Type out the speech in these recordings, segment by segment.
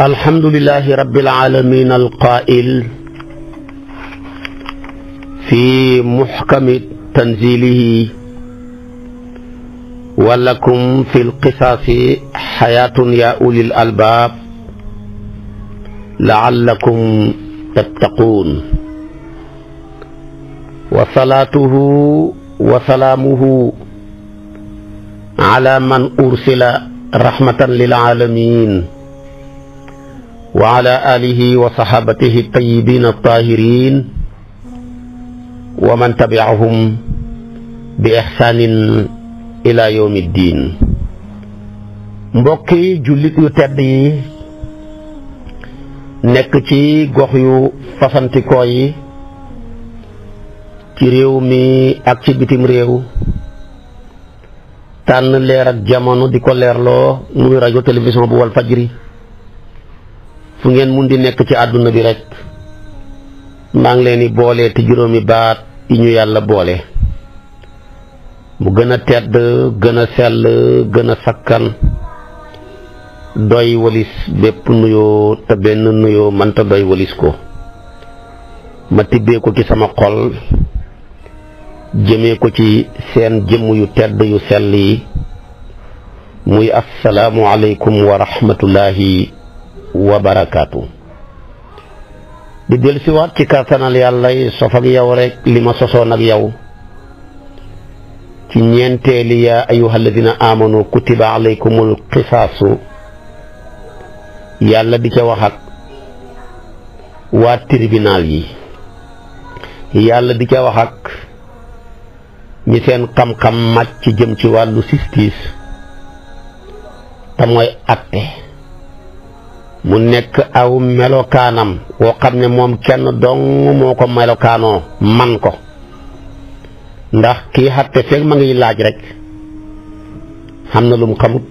alhamdulilahi rabbil alamin alqail fi muxkami tanzilihi walakum fi lqisaasi xayaatun yaa ulil albaab laallakum tattaquun wa salaatuhu wa salaamuhu ala man ursila rahmatan lil alamin wa ala alihi wa saxaabatihi tayibiin altaahiriin wa man tabiahum bi ixsaanin ila yowmi ddiin mbokki jullit yu tedd yi nekk ci gox yu fasantikoo yi ci réew mi ak ci bitim réew tànn leer ak jamono di ko leerloo muy rajo télévision bu Walfajri fu ngeen mun di nekk ci àdduna bi rekk maa ngi leen di boole te juróomi baat yi ñu yàlla boole mu gën a tedd gën a sell gën a sakkan doy walis bépp nuyoo te benn nuyoo mënta doy walis ko ma tibbee ko ci sama xol jëmee ko ci seen jëmm yu tedd yu sell yi muy asalaamu aleykum wa rahmatullahi wa barakaatu di del siwaat ci kàttanal yàlla yi sof ak yow rekk li ma sosoon ak yow ci ñeenteeli yaa ayuha alladina amanu kutiba alaykumul qisaasu yàlla di ca wax ak waa tribunal yi yàlla di ca wax ak ñi seen xam-xam màcc ci jëm ci wàllu justice te mooy atte mu nekk aw melokaanam woo xam ne moom kenn dong moo ko melokaanoo man ko ndax kii xatte feeg ma ngiy laaj rek xam na lu mu xamut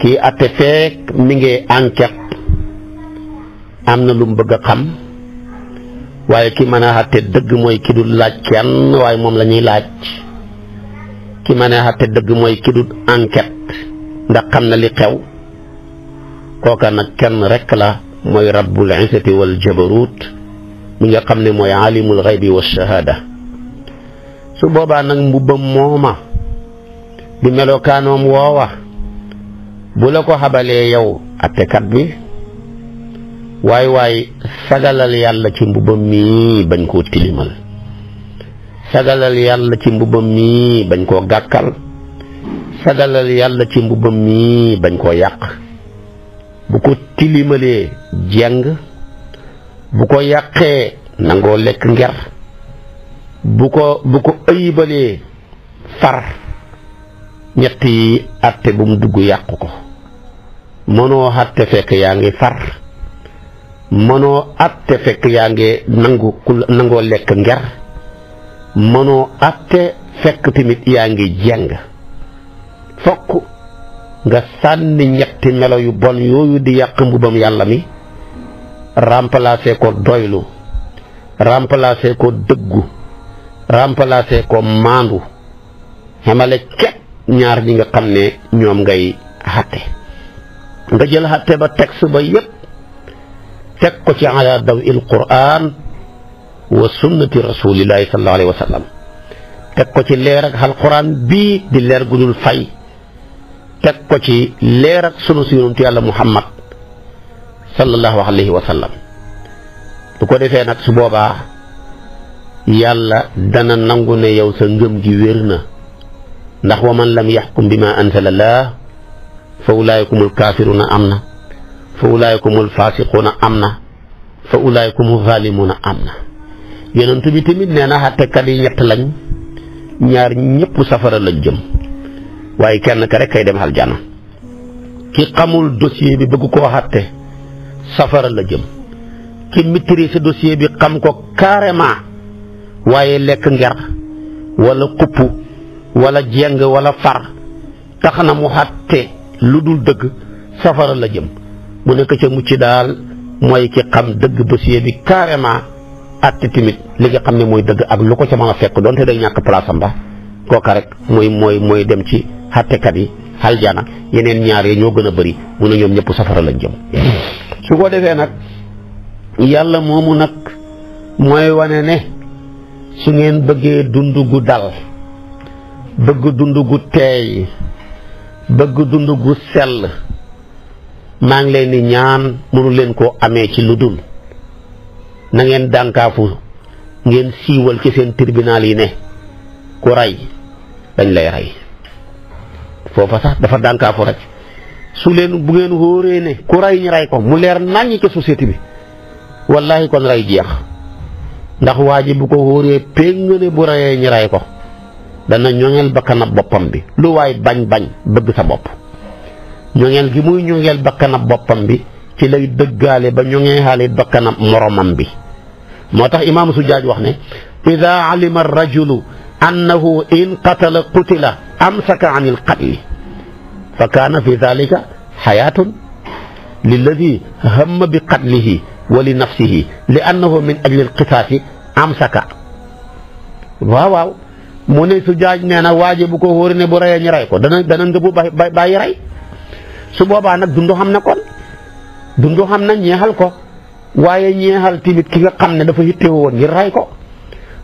kii atte feeg mi ngi enquête am na lu mu bëgg a xam waaye ki mën a xatte dëgg mooy ki dul laaj kenn waaye moom la ñuy laaj ki mën a xatte dëgg mooy ki dul enquête ndax xam na li xew kooka nag kenn rekk la mooy rabbul izzati wal jabarut mi nga xam ne mooy alimul xaybi wa shahaada su boobaa nag mbubbam mooma di melokaanoom woowa bu la ko xabalee yow attekat bi waay waay sagalal yàlla ci mbubbam mii bañ koo tilimal sagalal yàlla ci mbubbam mii bañ koo gàkkal sagalal yàlla ci mbubbam mii bañ koo yàq bu ko tilimalee jeng bu ko yàqee nangoo lekk nger bu ko bu ko ëyibalee far ñetti yi àtte bu mu dugg yàqu ko mënoo àtte fekk yaa ngi far mënoo àtte fekk yaa ngi nangoo lekk nger mënoo àtte fekk tamit yaa ngi jeng fokk nga sànni ñetti melo yu bon yooyu di yàq mbubam yàlla mi remplacer ko doylu remplacer ko dëggu remplacer ko maandu xamale képp ñaar ñi nga xam ne ñoom ngay xatte nga jël xatte ba teg ba yépp teg ko ci ala daw il quran wa sunnati rasulillahi sallallahu alayhi wa teg ko ci leer ak alquran bii di leer gu dul fay teg ko ci leer ak sunu si yonentu yàlla muhammad sallallahu alayhi wa sallam bu ko defee nag su boobaa yàlla dana nangu ne yow sa ngëm gi wér na ndax wa man lam yaxkum bi ma anzala allah fa ulaayikumul kaafiruuna am na fa ulaayikumul faasiquuna am na fa ulaayikumul zaalimuuna am na yonent bi tamit nee na xàttekat yi ñett lañ ñaar ñëpp safara lañ jëm waaye kenn ka rek ay dem aljana ki xamul dossier bi bëgg koo xatte safara la jëm ki maîtriser dossier bi xam ko carrément waaye lekk nger walla kupp wala jeng wala far tax na mu xatte lu dul dëgg safara la jëm mu nekk ca mucc daal mooy ki xam dëgg dossier bi carrément atte tamit li nga xam ni mooy dëgg ak lu ko ca mën a fekk doonte day ñàkk place ba kooka rek mooy mooy mooy dem ci xàttekat yi aljana yeneen ñaar ñoo gën a bëri mu ne safara lañ jëm su ko defee nag yàlla moomu nag mooy wane ne su ngeen bëggee dund gu dal bëgg dund gu teey bëgg dund gu sell maa ngi leen di ñaan mënu leen koo amee ci lu dul na ngeen dànkaafu ngeen siiwal ci seen tribunal yi ne ku rey dañ lay rey foofa sax dafa daan kaa foraj su leen bu ngeen wóoree ne ku rey ñu rey ko mu leer naññ ca société bi wallahi kon rey jeex ndax waa ji bu ko wóoree péng ne bu reyee ñu rey ko dana ñoŋel bakkanab boppam bi lu waay bañ bañ bëgg sa bopp ñoŋel gi muy ñoŋel bakkanab boppam bi ci lay dëggaale ba ñoŋeexaale bakkanab moromam bi moo tax imaamu Sujaaj wax ne ida alima rajulu annahu in qatala qutila amsaka an il qatli fa kaana fi dalika xayaatun lilladi hamma bi qatlihi wa li nafsihi li annahu min ajli alqisaasi amsaka waaw waaw mu ne su jaaj nee na waaje bu ko wóor ne bu reyee ñu rey ko dana dana ngëbu bàyyi rey su boobaa nag dundu xam na kon dundu xam na ñeexal ko waaye ñeexal tamit ki nga xam ne dafa yittewoo woon ngir rey ko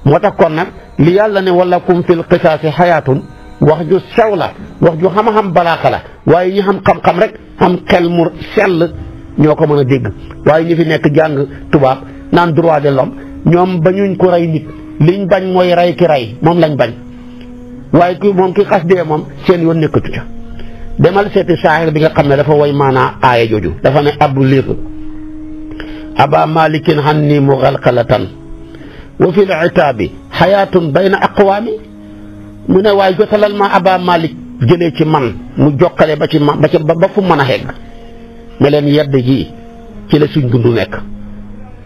moo tax kon nag li yàlla ne walakum fil qisaasi xayaatun wax ju sew la wax ju xam-xam balaaxa la waaye ñi xam xam-xam rek am xel mu sell ñoo ko mën a dégg waaye ñu fi nekk jàng tubaab naan droit de l'homme ñoom bañuñ ko rey nit liñ bañ mooy rey ki rey moom lañ bañ waaye ki moom ki xas dee moom seen yoon nekkatu ca demal seeti saahir bi nga xam ne dafa woy maanaa aaya jooju dafa ne abu liir aba malikin xan ni mu xalxalatan wa fi l-itaabi xayaatun bayna aqwaami mu ne waaye jotalal ma Abaa Malik jëlee ci man mu jokkale ba ci ma ba ci ba fu mën a xegg ne yedd gi ci la suñ dund nekk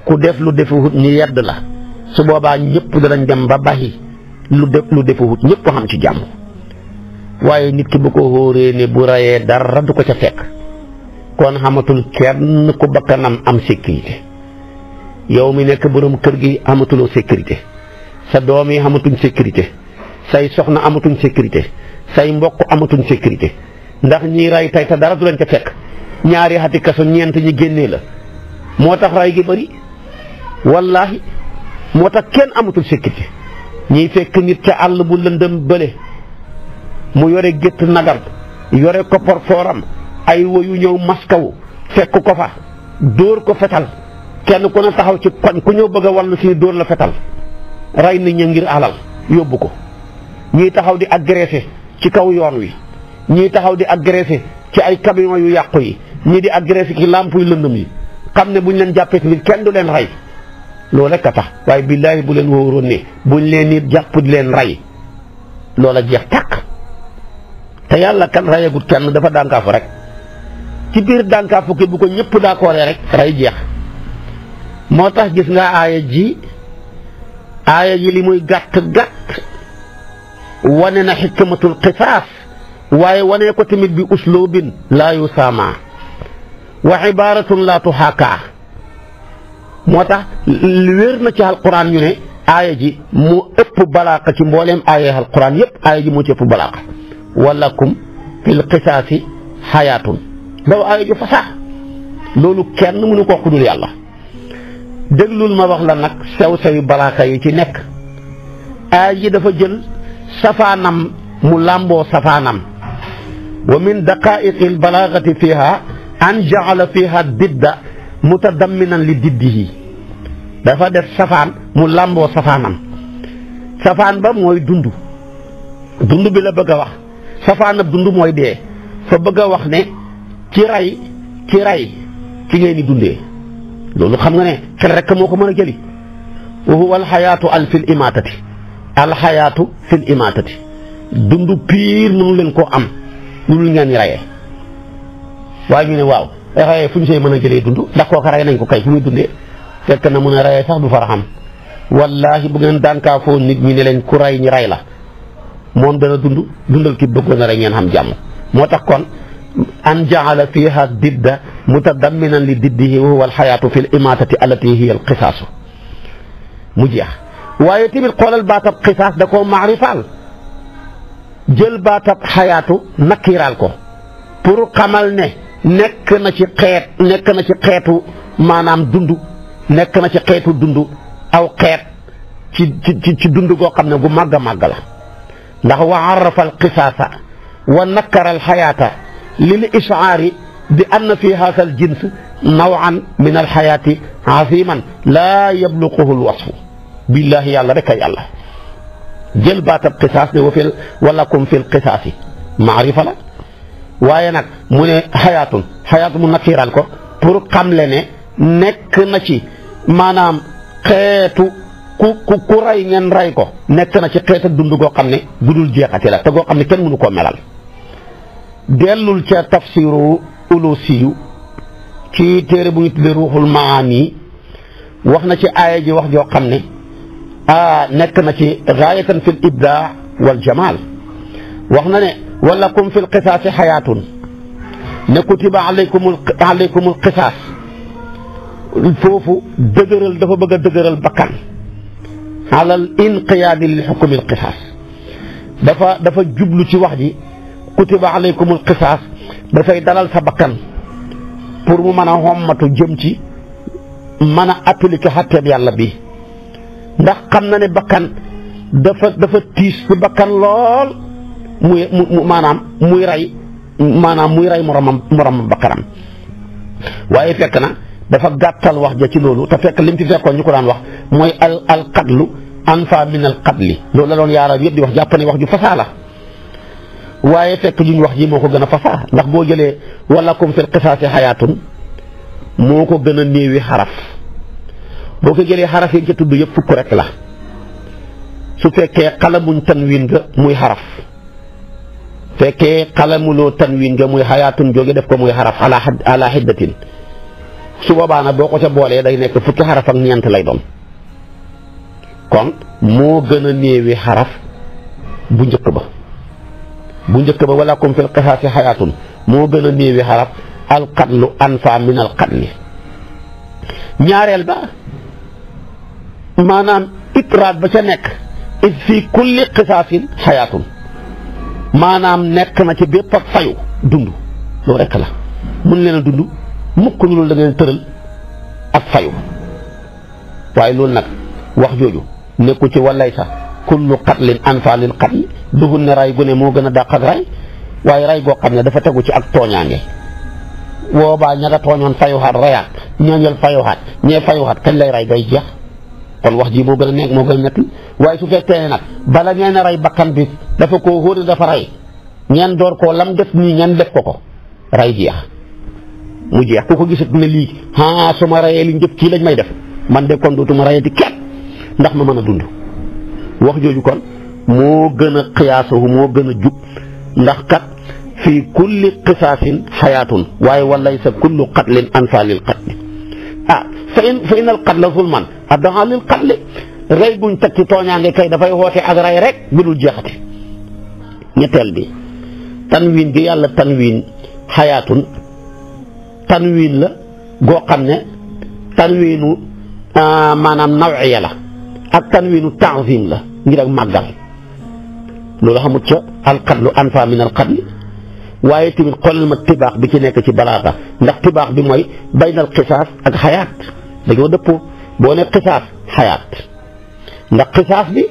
ku def lu defuwut ñu yedd la su boobaa ñëpp danañ dem ba baxi lu def lu defuwut ñëpp xam ci jàmm waaye nit ki bu ko hóoree ne bu rayee dara du ko ca fekk kon xamatul kenn ku bakkanam am sécurité yow mi nekk borom kër gi amatuloo sécurité sa doom yi amatuñ sécurité say soxna amatuñ sécurité say mbokk amatuñ sécurité ndax ñi rey tey te dara du leen ca fekk ñaari xati kaso ñeent ñi génnee la moo tax ray gi bëri wallaahi moo tax kenn amatul sécurité ñiy fekk nit ca àll bu lëndëm bële mu yore gétt nagam yore ko porfooram ay woyu ñëw maskawu fekk ko fa dóor ko fetal kenn ku ne taxaw ci koñ ku ñëw bëgg a wallu fii dóor la fetal rey nit ñi ngir alal yóbbu ko ñii taxaw di ak agressé ci kaw yoon wi ñii taxaw di ak agressé ci ay camion yu yàqu yi ñii di agressé ci làmp yu lëndëm yi xam ne buñ leen jàppee tamit kenn du leen rey loolu rek a tax waaye billaahi bu leen wóoroon ne buñ leen it jàpp di leen rey loola jeex tàkk te yàlla kan reyagut kenn dafa dànkaafu rek ci biir dànkaafu ki bu ko ñëpp daa kooree rek rey jeex moo tax gis nga aaya ji aaya ji li muy gàtt-gàtt wane na xikmatul qisaas waaye wane ko tamit bi uslubin laa yusaama wa ibaratun laa tuxaakaa moo tax wér na ci alquran ñu ne aaya ji mu ëpp balaaqa ci mbooleem aaya alquran yépp aaya ji moo ci ëpp balaaqa walakum fil qisaasi xayaatun daw aaya ji fasax loolu kenn mënu ko xudul yàlla déglul ma wax la nag sew sewi balaaka yi ci nekk aay ji dafa jël safaanam mu làmboo safaanam wa min daqaiqi albalaagati fiha an jaala fiha didda mutadamminan li diddihi dafa def safaan mu làmboo safaanam safaan ba mooy dund dund bi la bëgg a wax safaan dund mooy dee fa bëgg a wax ne ci rey ci rey ci ngeen di dundee loolu xam nga ne xel rek moo ko mën a jëli wa huwa alxayaatu al fil imaatati alxayaatu fil imaatati dund piir mënu leen koo am lu dul ngeen rayee waaye ñu ne waaw rayee fu ñu see mën a jëlee dund ndax kooka rey nañ ko kay fu muy dundee fekk na mun a rayee sax du far faraxam wallahi bu ngeen daan kaa foo nit ñi ne leen ku ray ñi ray la moom dana dund dundal ki bëggoon a rey ngeen xam jàmm moo tax kon an jaala fiha didda mutadamminan li diddihi wa huwa alxayaatu fi limaatati allati hiya alqisaasu mu jeex waaye tamit xoolal baatab qisaas da koo maarifaal jël baatab xayaatu nakkiiraal ko pour xamal ne nekk na ci xeet nekk na ci xeetu maanaam dund nekk na ci xeetu dund aw xeet ci ci ci dund goo xam ne gu màgg a màgg la ndax wa arrafa alqisaasa wa nakkara alxayaata lil ishaari bi anna fi haasa al jins nawan min al xayaati aziman laa yabluquhu al wasfu billahi yàlla rek a yàlla jël baatab qisaas ne wa fil walakum fil qisaasi maarifa la waaye nag mu ne xayaatun xayaat mu nakiral ko pour xamle ne nekk na ci maanaam xeetu ku ku ku rey ngeen rey ko nekk na ci xeet ak dund goo xam ne gudul jeexati la te goo xam ne kenn mënu koo melal dellul ca tafsiru ulusiyu ci téere bu ñu tuddee ruuxul maani wax na ci aaya ji wax joo xam ne a nekk na ci gaayatan fil ibdaa wal jamaal wax na ne walakum fil qisaasi xayaatun ne kutiba alaykumul alaykumul qisaas foofu dëgëral dafa bëgg a dëgëral bakkan alal inqiyaadi lil xukmil qisaas dafa dafa jublu ci wax ji kutiba alaykumul qisaas dafay dalal sa bakkan pour mu mën a xommatu jëm ci mën a appliquer xàtteeb yàlla bi ndax xam na ne bakkan dafa dafa tiis ci bakkan lool muy mu maanaam muy rey maanaam muy rey moromam moromam bakkanam waaye fekk na dafa gàttal wax ja ci loolu te fekk lim ci fekkoon ñu ko daan wax mooy al al qatlu anfa min al qatli loolu la doon yaaraab yëpp di wax jàpp wax ju fasaa waaye fekk juñ wax ji moo ko gën a fasaa ndax boo jëlee walakum fil qisaasi xayaatun moo ko gën a néewi xaraf boo ko jëlee xaraf yi ca tudd yëpp fukk rek la su fekkee xalamuñ tanwin nga muy xaraf fekkee xalamuloo tanwin nga muy xayaatun jóge def ko muy xaraf ala ala xiddatin su boobaa nag boo ko ca boolee day nekk fukki xaraf ak lay doon kon moo gën a néewi xaraf bu njëkk ba bu njëkk ba walakum fil qisaasi xayaatun moo gën a néewi xaraf alqatlu anfa min alqatli ñaareel ba maanaam itraat ba ca nekk it fii kulli qisaasin xayaatun maanaam nekk na ci bépp ak fayu dund loolu rekk la mun leen a dund mukk lu loolu da tëral ak fayu waaye loolu nag wax jooju nekku ci wallay sax kullu qatlin anfaalil qatl duhun ne ray gu ne moo gën a dàqal ray waaye ray goo xam ne dafa tegu ci ak tooñaange boobaa ña nga tooñoon fayuxaat rayaat ñooñal fayuxaat ñee kañ lay ray gay jeex kon wax jii moo gën a nekk moo gën a nekk waaye su fekkee nag bala ngeen a ray bakkan bi dafa koo wóor ne dafa ray ngeen door koo lam def nii ngeen def ko ko ray jeex mu jeex ku ko gisat ne lii ah su ma rayee li njëkk kii lañ may def man de kon dootuma rayati kenn ndax ma mën a dund. wax jooju kon moo gën a xiyaasahu moo gën a jub ndax kat fii kulli qisaasin xayaatun waaye walaysa kullu qatlin ansa lil qatli ah fa in fa in al qatla zulman addaa lil qatli rey guñ teg ci tooñaange kay dafay woote ak rey rek bi dul jeexati ñetteel bi tanwiin gi yàlla tanwiin xayaatun tanwiin la goo xam ne tanwiinu ah, maanaam nawiya la ak tanwiinu ta'zim la ngir ak màggal loolu xamut ca alqadlu anfa min alqadli waaye tamit xoolal ma tibaax bi ci nekk ci balaaxa ndax tibaax bi mooy baynal xisaas ak xayaat dañoo dëppoo boo ne xisaas xayaat ndax xisaas bi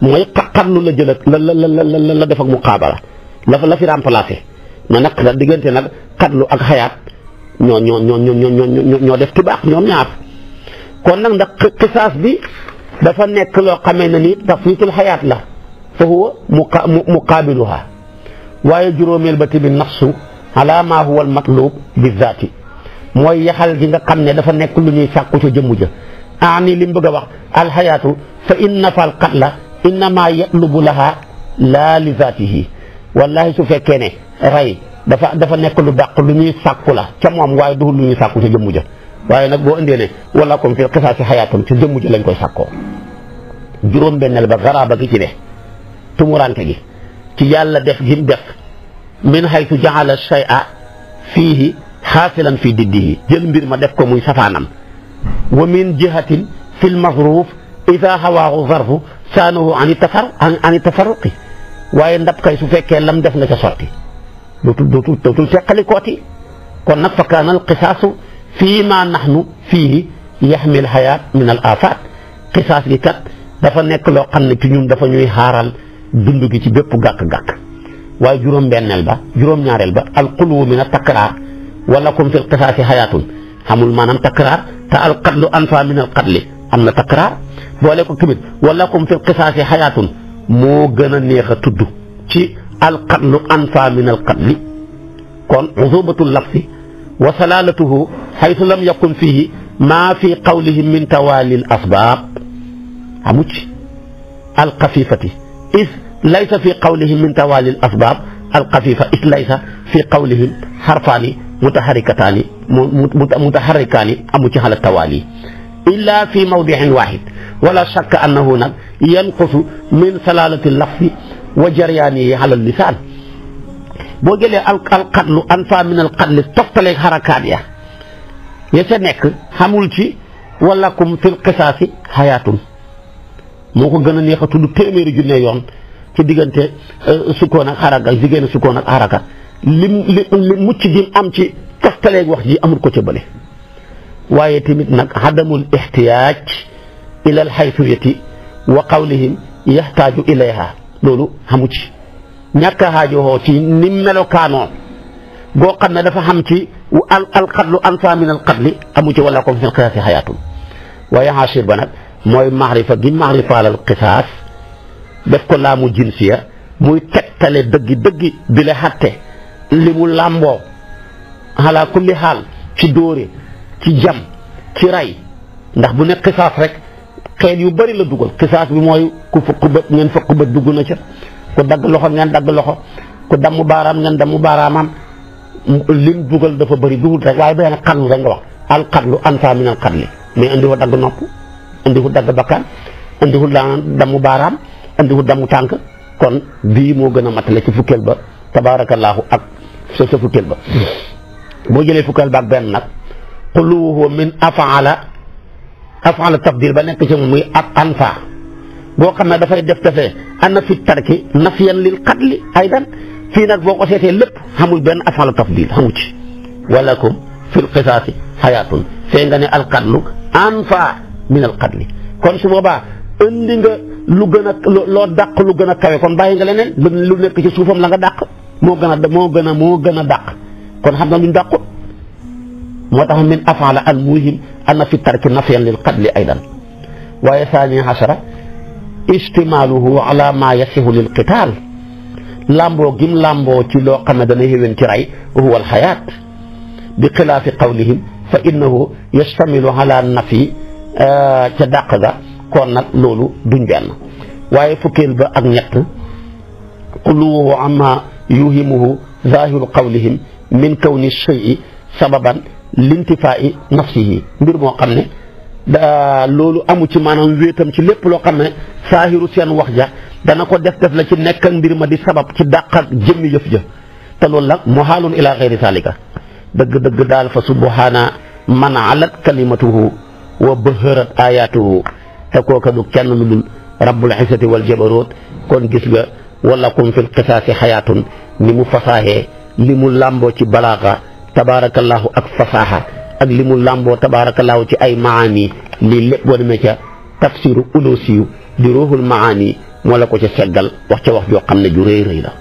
mooy xadlu la jël la la la la def ak muqaabala la la fi remplacé mais nag da diggante nag xadlu ak xayaat ñoo ñoo ñoo ñoo ñoo def tibaax ñoom ñaar kon nag ndax xisaas bi. dafa nekk loo xamee ne ni tafwitul xayaat la fa huwa muqaabiluha waaye juróomeel ba tamit nafsu ala ma huwa al matlub bi zaati mooy yaxal gi nga xam ne dafa nekk lu ñuy sàkku ca jëmm ja aani li mu bëgg a wax alxayaatu fa inna fal qatla innama yatlubu laha laa li zaatihi wallahi su fekkee ne rey dafa dafa nekk lu dàq lu ñuy sàkku la ca moom waaye du lu ñuy sàkku ca jëmm ja waaye nag boo indeelee wala comme fil xisaasi xayaatan ci jëmm ji lañ koy sàkkoo juróom-benneel ba garaaba gi ci ne tumurante gi ci yàlla def gi mu def min haytu jaala shay'a fiihi xaasilan fii diddihi jël mbir ma def ko muy safaanam wa min jihatin fil masruuf ida xawaaxu zarfu saanahu ani tafar ani tafarruqi waaye ndab kay su fekkee lam def nga ca sotti dootul dootul dootul teqali kooti kon nag fa kaana al qisaasu fii ma naxnu fii yaxmil xayaat min al afaat xisaas gi kat dafa nekk loo xam ne ci ñun dafa ñuy xaaral dund gi ci bépp gàkk-gàkk waaye juróom-benneel ba juróom-ñaareel ba alxuluwu min a takraar wala kum fil xisaasi xayaatun xamul maanaam takraar te alqatlu anfa min alqatli am na takraar boole ko tamit wala kum fil xisaasi xayaatun moo gën a neex a tudd ci alqatlu anfa min alqatli kon xusubatul lafsi wa salaalatuhu xaytu lam yakun fii maa fi qawlihim min tawaali al asbaab amu ci alxafifati is laysa fi qawlihim min tawaali al asbaab alxafifa is laysa fi qawlihim xarfaani mutaharikataani mutaharikaani amu ci ala tawaali illaa fi mawdicin waaxid wala shakka annahu nag yanqusu min salaalati lafzi wa jaryaanihi ala lisaan boo jëlee al alxatlu anfa min alxatli toftalee xarakaat ya ya ca nekk xamul ci walakum fil qisaasi xayaatun moo ko gën a neex a tudd téeméeri junne yoon ci diggante euh, sukkoon ak xaraka jigéen sukkoon ak xaraka lim li mucc am ci toftaleeg wax ji amul ko ca waaye tamit nag xadamul ixtiyaaj ila alxayfiyati wa qawlihim yaxtaaju ilayha loolu xamu ci ñàkk a xaajowoo ci ni melokaanoo goo xam ne dafa xam ci al alxadlu anfa min alxadli amu ci wala comme fil xisaasi xayaatun mooy maxrifa gi maxrifaalal xisaas def ko laamu jinsiya muy tegtale dëggi dëggi bi la xatte li mu làmboo ala kulli xaal ci dóore ci jam ci ray ndax bu nekk xisaas rek xeet yu bari la dugal xisaas bi mooy ku fëkk bët ngeen fëkk bët dugg na ca ku dagg loxoom ngeen dagg loxo ku damm baaraam ngeen damm baaraamam lim dugal dafa bëri dugal rek waaye beneen xatlu rek nga wax al xatlu anfa min al xatli mais indi ko dagg nopp indi ko dagg bakkan indi ko damm baaraam indi ko damm tànk kon bii moo gën a matale ci fukkeel ba tabaarakallaahu ak sa sa fukkeel ba boo jëlee fukkeel ba ak benn nag qul huwa min afaala afaala tafdil ba nekk ci muy ak boo xam ne dafay def defee ana fi tarki nafyan lil qatli aydan fii nag boo ko seetee lépp xamul benn afaalu tafdil xamu ci walakum fil qisaasi xayaatun fee nga ne alqatlu anfa min alqatli kon su boobaa indi nga lu gën a loo dàq lu gën a kawe kon bàyyi nga leneen lu nekk ci suufam la nga dàq moo gën a moo gën a moo gën a dàq kon xam na luñ dàqut moo tax min afaala al muhim ana fi tarki nafyan lil qatli aydan waaye saani xasara istimaaluhu ala ma yasihu lil qitaal làmboo gim làmboo ci loo xam ne dana yéwén ci rey huwa alxayaat bi xilaafi qawlihim fa innahu yastamilu ala nafi eh, ca dàq ga kon nag loolu duñ benn waaye fukkeel ba ak ñett xulluwuhu amma yuhimuhu zahiru qawlihim min kawni shay'i sababan lintifaai nafsihi mbir moo xam ne loolu amu ci maanam wéetam ci lépp loo xam ne saahiru seen wax ja dana ko def def la ci nekk ak mbir ma di sabab ci dàq ak jëf yëf ja te loolu nag muhaalun ila xeyri zalika dëgg-dëgg daal fa subhaana man alat kalimatuhu wa bëhërat ayatuhu te kooka du kenn lu dul rabbul xisati wal jabaroot kon gis nga wala kum fil qisaasi xayaatun ni mu fasaaxee li mu làmboo ci balaaxa tabaarakallahu ak fasaaxa ak li mu làmboo laaw ci ay maani lii lépp boo demee ca tafsiru ulusiyu di ruuxul maani moo la ko ca seggal wax ca wax joo xam ne ju rëy rëy la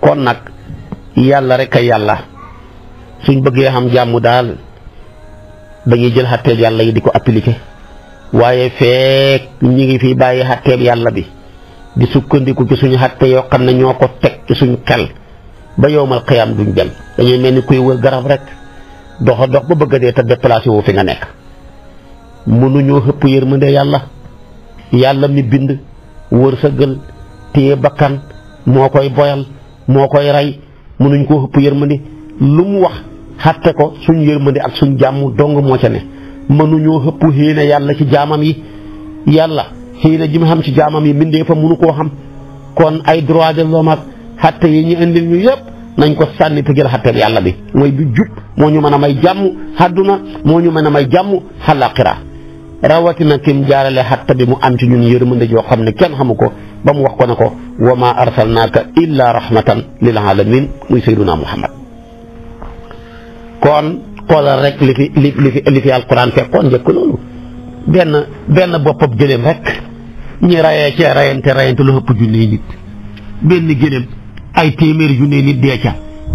kon nag yàlla rek a yàlla suñ bëggee xam jàmm daal dañuy jël xatteeb yàlla yi di ko appliquer waaye feek ñi ngi fi bàyyi xatteeb yàlla bi di sukkandiku ci suñu xatte yoo xam ne ñoo ko teg ci suñ xel ba yowmal xiyaam duñ dem dañuy mel ni kuy wër garab rek doxa dox ba bëgg a dee te déplacé wu fi nga nekk mënuñoo xëpp yërmande yàlla yàlla mi bind wërsëgal téye bakkan moo koy boyal moo koy rey mënuñ koo xëpp yërmande lu mu wax xatte ko suñ yërmande ak suñ jàmm dong moo ca ne mënuñoo xëpp xiina yàlla ci jaamam yi yàlla xiina ji mu xam ci jaamam yi mbindee fa mënu koo xam kon ay droit de l'homme ak xatte yi ñu indi ñu yépp nañ ko sànni te jël yàlla bi mooy bu jub moo ñu mën a may jàmm àdduna moo ñu mën a may jàmm àllaaxira rawatina kim jaarale xatta bi mu am ci ñun yërmande joo xam ne kenn xamu ko ba mu wax ko ne ko wa ma arsalnaaka illa rahmatan lil alamin muy sayduna muhammad kon xoolal rek li fi li fi li fi alquran fekkoon njëkk loolu benn benn boppam gëléem rek ñi rayee cee rayante rayante lu ëpp junni nit benn gëléem ay téeméeri junne nit dee ca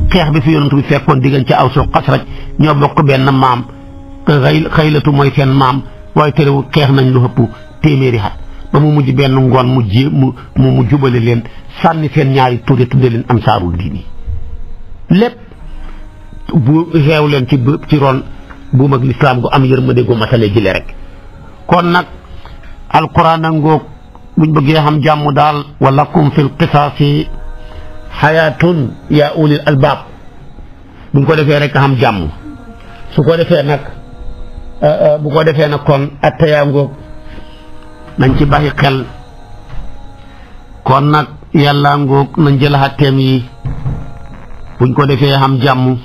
xeex bi fi yonent bi fekkoon diggante aw soo xasraj ñoo bokk benn maam xëy xëylatu mooy seen maam waaye terewul xeex nañ lu ëpp téeméeri xat ba mu mujj benn ngoon mu mu mu jubale leen sànni seen ñaari tuuri tudde leen ansaarul diini lépp bu xeew leen ci ci ron buum ak lislaam gu am yërmande gu matale ji le rek kon nag alquran a ngoog buñ bëggee xam jàmm daal walakum fil qisaasi xayaatun yaa ulil albaab buñ ko defee rek am jàmm su ko defee nag eh, eh, bu ko defee nag kon attayaa ngoog nañ ci bàyyi xel kon nag yàlla ngoog nañ jël xatteem yi buñ ko defee am jàmm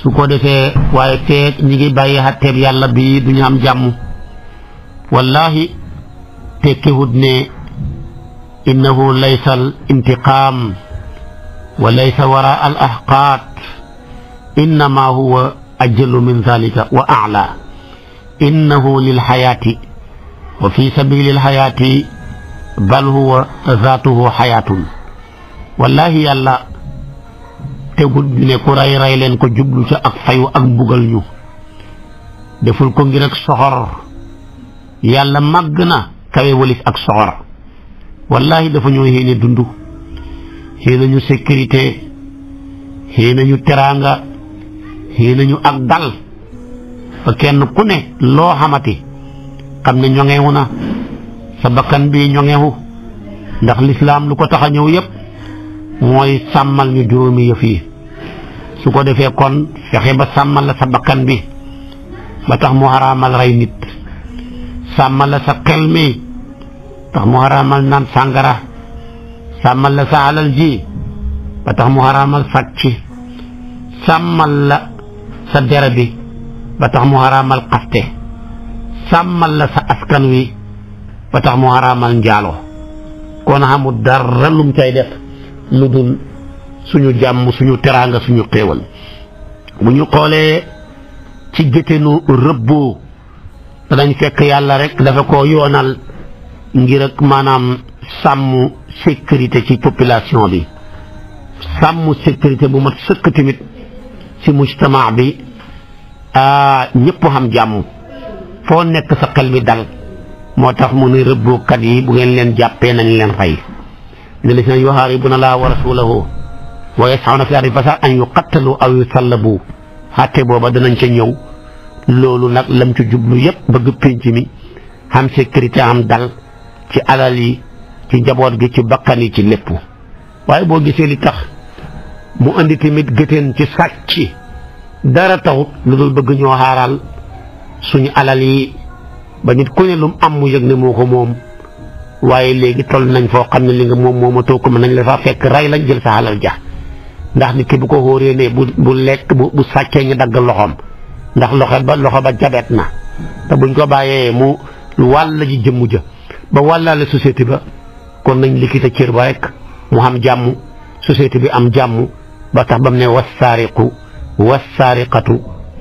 su ko defee waaye feek ñi ngi bàyyi xatteem yàlla bi duñu am jàmm wallahi tekkiwut ne innahu laysa al intiqaam wa laysa wara al ahqaat innama huwa ajalu min dalika wa ala innahu lil xayaati wa fi sabilil xayaati bal huwa zaatuhu xayaatun wallahi yàlla tegul ñu ne ku rey rey leen ko jublu ca ak fayu ak mbugal ñu deful ko ngir ak soxor yàlla màgg na kawe walis ak soxor wallahi dafa ñoo yéene dund yéene ñu sécurité yéene ñu teraanga yéene ñu ak dal ba kenn ku ne loo xamati xam ne ñoŋewu na sa bakkan bi ñoŋewu ndax lislaam lu ko tax a ñëw yépp mooy sàmmal ñu juróomi yëf yi su ko defee kon fexe ba sàmmal sa bakkan bi ba tax mu xaraamal rey nit sàmmala la sa xel mi tax mu xaraamal naan sàngara sàmmal la sa alal ji ba tax mu xaraamal sàcc sàmmal la sa dere bi ba tax mu xaraamal xaste sàmmal la sa askan wi ba tax mu xaraamal njaalo kon xamul dara lum cay def lu dul suñu jàmm suñu teraanga suñu xéewal bu ñu xoolee ci jëtenu rëbboo danañ fekk yàlla rek dafa ko yoonal ngir ak maanaam sàmm sécurité ci population bi sàmm sécurité bu mat sëkk tamit ci mujtama bi ñëpp xam jàmm foo nekk sa xel mi dal moo tax mu ne rëbbookat yi bu ngeen leen jàppee nañ leen rey ne la si nañ yuhaaribuna laa wa rasulahu wa yas'awna fil ardi fasaad yu yuqattalu aw yusallabu xatte booba danañ ca ñëw loolu la lam ci jublu yëpp bëgg pénc mi xam sécurité am dal ci alal yi ci njaboot gi ci bakkan yi ci lépp waaye boo gisee li tax mu andi tamit gëteen ci sàcc dara taxut lu dul bëgg ñoo xaaral suñu alal yi ba nit ku ne lu am mu yëg ne moo ko moom waaye léegi toll nañ foo xam ne li nga moom mooma too ko mën nañ la fa fekk rey lañ jël sa alal ja ndax nit ki bu ko xóoree ne bu bu lekk bu bu sàccee ñu dagg loxoom ndax loxo ba loxo ba jabet na te buñ ko bàyyee mu wàll ji jëmm ja ba wàllaale société ba kon nañ likkite cër ba rek mu am jàmm société bi am jàmm ba tax ba mu ne wassaariqu wassaariqatu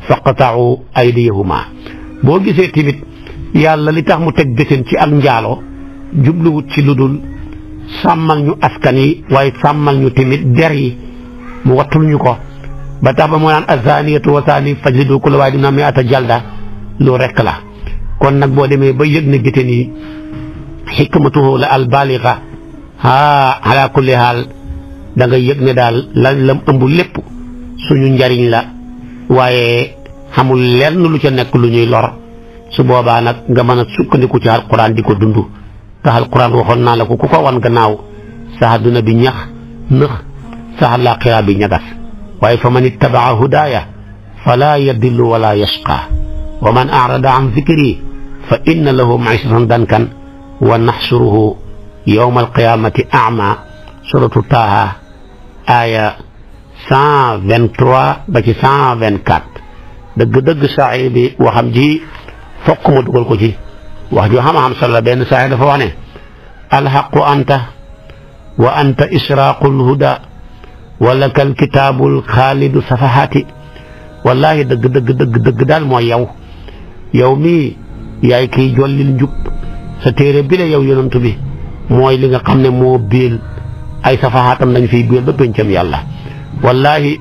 faqtau aydiyahuma boo gisee tamit yàlla li tax mu teg dësën ci am njaalo jubluwut ci lu dul sàmmal ñu askan yi waaye sàmmal ñu tamit der yi mu wattul ko ba tax ba mu naan azaniyatu wa saani fajlidu kulla waahidin minhumaa mi'ata jalda lu rekk la kon nag boo demee ba yëg na gétteen xikmatuhu la albaaliga ah daal lan lam ëmb lépp njariñ la waaye xamul lenn lu ca nekk lu ñuy lor su boobaa nag nga mën a sukkandiku ci alquran di ko dund ndax alquran naa la ko ku gannaaw sa àdduna bi ñagas waaye fa man ittabaa hudaaya fala yadillu wala yashqa wa man arada an zikri fa inna lahu maishatan dankan wa naxsuruhu yowma alqiyaamati ama suratu taaha aaya cent vingt-trois ba ci cent vingt-quatre dëgg-dëgg saahir bi waxam ji fokk ma dugal ko ci wax ju xam-xam solo benn saahir dafa wax ne alxaqu anta wa anta israaqu lhuda wa laka alkitaabu alxaalidu safahaati wallahi dëgg dëgg dëgg dëgg daal mooy yow yow mii yaay kiy jollil njub sa téere bi la yow yonantu bi mooy li nga xam ne moo biil ay safaxaatam lañ fiy biil ba péncam yàlla wallahi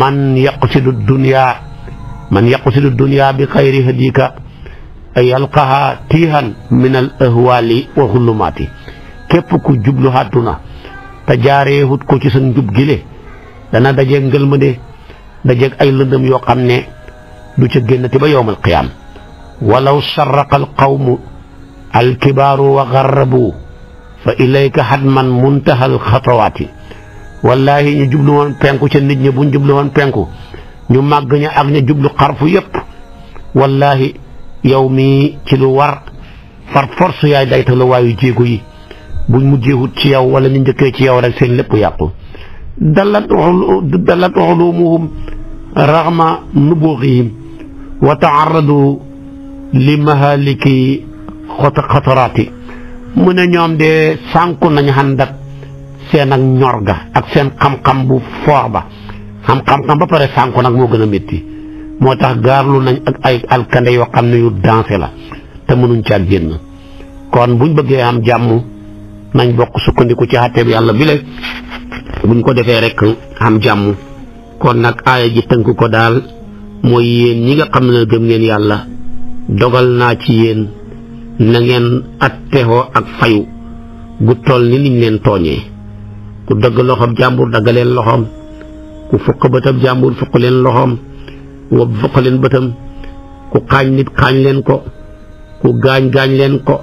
man yaqsidu dunya man yaqsidu dunya bi xayri hadika ay yalqaha tiihan min al ahwali wa xulumaati képp ku jublu àdduna te jaareewut ko ci sa njub gile dana dajeeg ngëlmande dajeeg ay lëndëm yoo xam ne du ca génnati ba yowmal qiyaam walaw sarraqa al qawmu alkibaaru wa garrabu fa ilayka xatman muntahal xatawaati wallahi ñu jublu woon penku ca nit ñi buñ jublu woon penku ñu màgg ña ak ñu jublu xarfu yépp wallahi yow mi ci lu war far force yaay daytalu waayu jéego yi buñ mujjeewut ci yow wala ñu njëkkee ci yow rek seen lépp yàqu dalat dalat ulumuhum raxma wa taarradu li mahaliki xota xataraati mu ne ñoom de sànku nañu ànd ak seen ak ñor ga ak seen xam-xam bu foor ba xam-xam ba pare sànku nag moo gën a métti moo tax gaarlu nañ ak ay alkande yoo xam ne yu dansé la te mënuñ ci caa génn kon buñ bëggee am jàmm nañ bokk sukkandiku ci àtte yàlla bi la buñ ko defee rek am jàmm kon nag aaya ji tënk ko daal mooy yéen ñi nga xam ne gëm ngeen yàlla dogal naa ci yéen na ngeen attexoo ak fayu gu toll ni liñ leen tooñee ku dëgg loxoom jàmbur dagg leen loxoom ku fukk bëtam jàmbur fukk leen loxoom wob fukk leen bëtam ku xaañ nit xaañ leen ko ku gaañ gaañ leen ko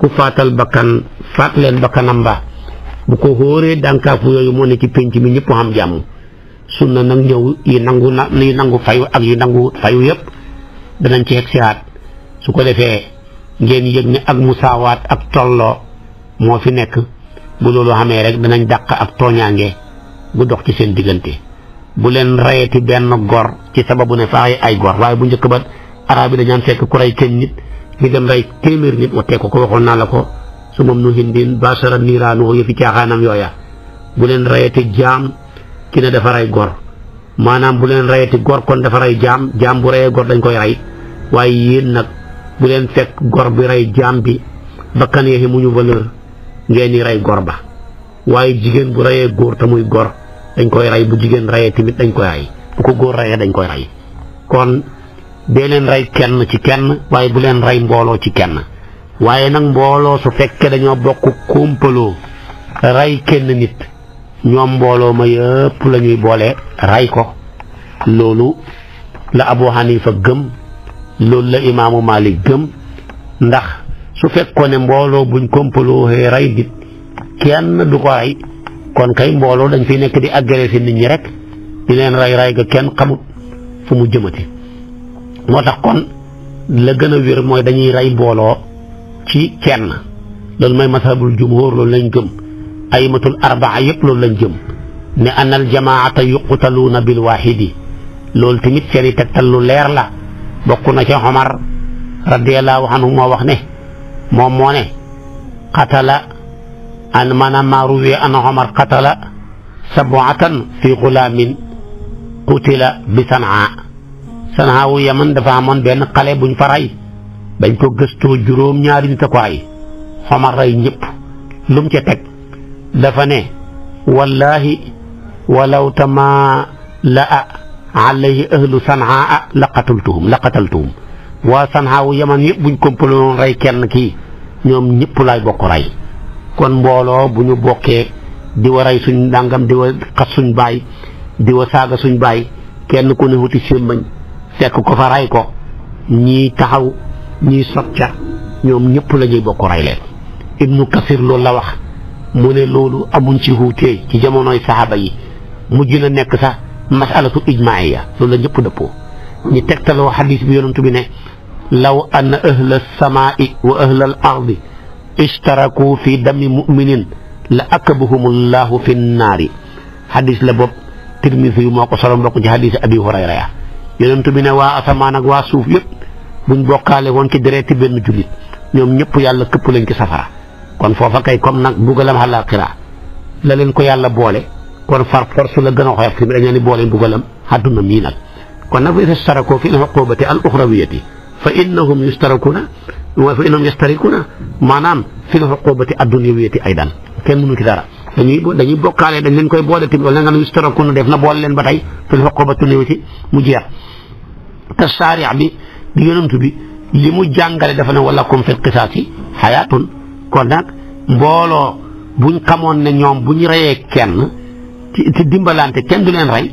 ku faatal bakkan faat leen bakkanam ba bu ko xóoree dànkaafu yooyu moo ne ci pénc mi ñëpp xam jàmm na nag ñëw yi nangu na nangu fayu ak yi nangu fayu yëpp danañ ci egsiwaat su ko defee ngeen yëg ne ak musaawaat ak tolloo moo fi nekk bu loolu xamee rek danañ dàq ak tooñaange bu dox ci seen diggante bu leen rayeti benn gor ci sababu ne faa ay gor waaye bu njëkk ba arab yi dañaan fekk ku rey kenn nit ñu dem rey téeméer nit watee ko ko waxoon naa la ko su moom nu hindin basara niiraanu yëfi caaxaanam yooya bu leen rayeti jaam ki ne dafa rey gor maanaam bu leen rayeti gor kon dafa rey jaam jaam bu reyee gor dañ koy rey waaye yéen nag bu leen fekk gor bi rey jaam bi bakkan yeexi mu ñu valeur ngeen di rey gor ba waaye jigéen bu rayee góor te muy gor dañ koy rey bu jigéen reyee tamit dañ koy rey bu ko góor rayee dañ koy ray kon dee leen rey kenn ci kenn waaye bu leen rey mbooloo ci kenn waaye nag mbooloo su fekkee dañoo bokk kompaloo ray kenn nit ñoom mbooloo ma yëpp la ñuy boole ray ko loolu la Abu Hanifa gëm loolu la imaamu Malik gëm ndax su fekkoon ne mbooloo buñ kompaloo rey nit kenn du ko rey kon kay mbooloo dañ fiy nekk di agressé nit ñi rek di leen rey rey ga kenn xamut fu mu jëmati moo tax kon la gën a wér mooy dañuy rey mbooloo ci kenn loolu mooy mashabul jumhur loolu lañ gëm matul arbaa yëpp loolu lañ jëm ne anal jamaata yuqutaluuna bil waahidi loolu tamit seen tegtal lu leer la bokk na ca Omar radiyallahu anhu wax ne moom moo ne qatala an maanaam maa ruwiya an Omar qatala sab'atan fi gulaamin qutila bi Sanaa Sanaa wu Yaman dafa amoon benn xale buñ fa rey bañ ko gëstoo juróom-ñaari nit ko ay Omar rey ñëpp lu ca teg dafa ne wallaahi walaw tamaa la alayhi ahlu sanaa laqataltuhum laqataltuhum waa sanaa wu yaman yëpp buñ kompale woon rey kenn kii ñoom ñëpp laay bokk rey kon mbooloo bu ñu bokkee di wa rey suñ dàngam di wa xas suñ baay diwa wa saaga suñ baay kenn ku ne wuti sémmañ fekk ko fa rey ko ñii taxaw ñii socca ñoom ñëpp la ñuy bokk rey leen ibnu kasir loolu la wax mu ne loolu amuñ ci wuutee ci jamonoy saxaaba yi mujj na nekk sax masalatu ijmaaya loolu la ñëpp dëppoo ñu tegtaloo xadis bi yonantu bi ne law anna ahla samaai wa ahla al ardi fi dami muminin la akabahum llahu fi nnaari xadis la bopp tirmisi yu moo ko solo mbokk ci xadis abi hurayra ya yonentu bi ne waa asamaan ak waa suuf buñ bokkaale woon ci dereeti benn jullit ñoom ñëpp yàlla këpp lañ ci safara kon foofa kay comme nag bugalam àllaaxira la leen ko yàlla boole kon far force gën a xoyof ci dañu ni boole mbugalam àdduna mii nag kon nag fa istarakoo fi al-uqubati al-uxrawiyati fa innahum yustarakuna wa fa innahum yastarikuna maanaam fi al-uqubati ad-dunyawiyati aydan kenn mënu ci dara dañuy dañuy bokkaale dañ leen koy boole tamit wala nga ne yustarakuna def na boole leen ba tey fi al-uqubati ad-dunyawiyati mu jeex te saariya bi di yonent bi li mu jàngale dafa ne wala kum fil qisaasi xayaatun kon nag mbooloo buñ xamoon ne ñoom buñ reyee kenn. ci ci dimbalante kenn du leen rey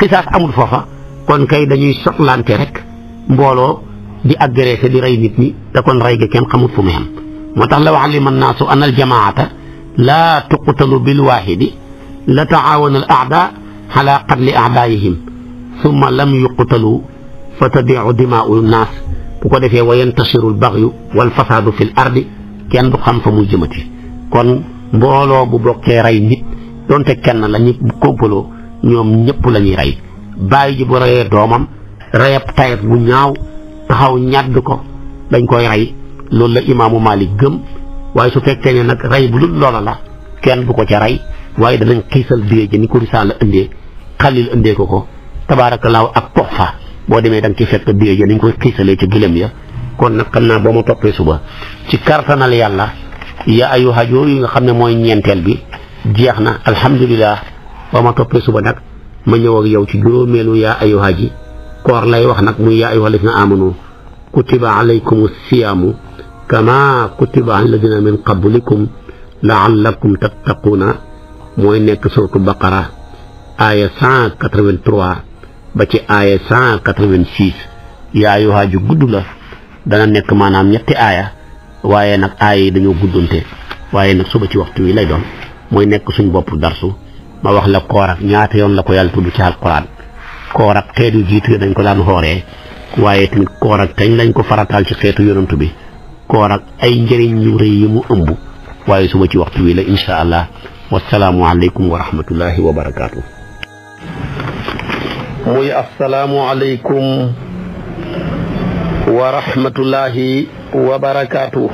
xisaas amul foofa kon kay dañuy soxlante rek mbooloo di agressé di rey nit ñi da kon rey ga kenn xamul fu mu yem moo tax la wax lima naasu an la laa tuqtalu bilwaahidi la taawana al aada ala qatli aadaayihim summa lam yuqtalu fa tabiu dimaau naas bu ko defee wa yantasiru lbaxyu walfasaadu fi l ardi kenn du xam fa muy jëmati kon mbooloo bu bokkee rey nit donte kenn la ñu kompaloo ñoom ñëpp la ñuy rey bàyyi ji bu reyee doomam reyab tayef bu ñaaw taxaw ñàdd ko dañ koy rey loolu la imaamu Malik gëm waaye su fekkee ne nag rey bu dul loola la kenn du ko ca rey waaye danañ xiisal dée ji ni ko risaala indee xalil indee ko ko laaw ak toxfa boo demee da nga ci fekk dée ji niñ koy xiisalee ci gëlëm ya kon nag xam naa boo mu toppee suba ci kartanal yàlla ya ayuha yooyu nga xam ne mooy ñeenteel bi jeex na alhamdulilah ba ma toppee suba nag ma ñëw ak yow ci juróomeelu yaa ayyuha ji koor lay wax nag muy yaa ayyuha alladina amanu kutiba alaykum siyaamu kama kutiba alladina min qablikum laallakum tattaquuna mooy nekk suratu baqara aaya cent ba ci aaya cent quatre-vingt-six ju gudd la dana nekk maanaam ñetti aya waaye nag aaya yi dañoo guddante waaye nag suba ci waxtu wi lay doon mooy nekk suñu bopp darsu ma wax la koor ñaata yoon la ko yàlla tudd ci alquran koor ak xeet yu jiitu dañ ko daan xooree waaye tamit koor ak lañ ko farataal ci xeetu yonantu bi koor ay njëriñ yu rëy yi mu ëmb waaye suma ci waxtu wi la insha allah wasalaamu aleykum wa rahmatullahi wa barakaatu. muy asalaamu aleykum wa rahmatullahi wa barakaatu.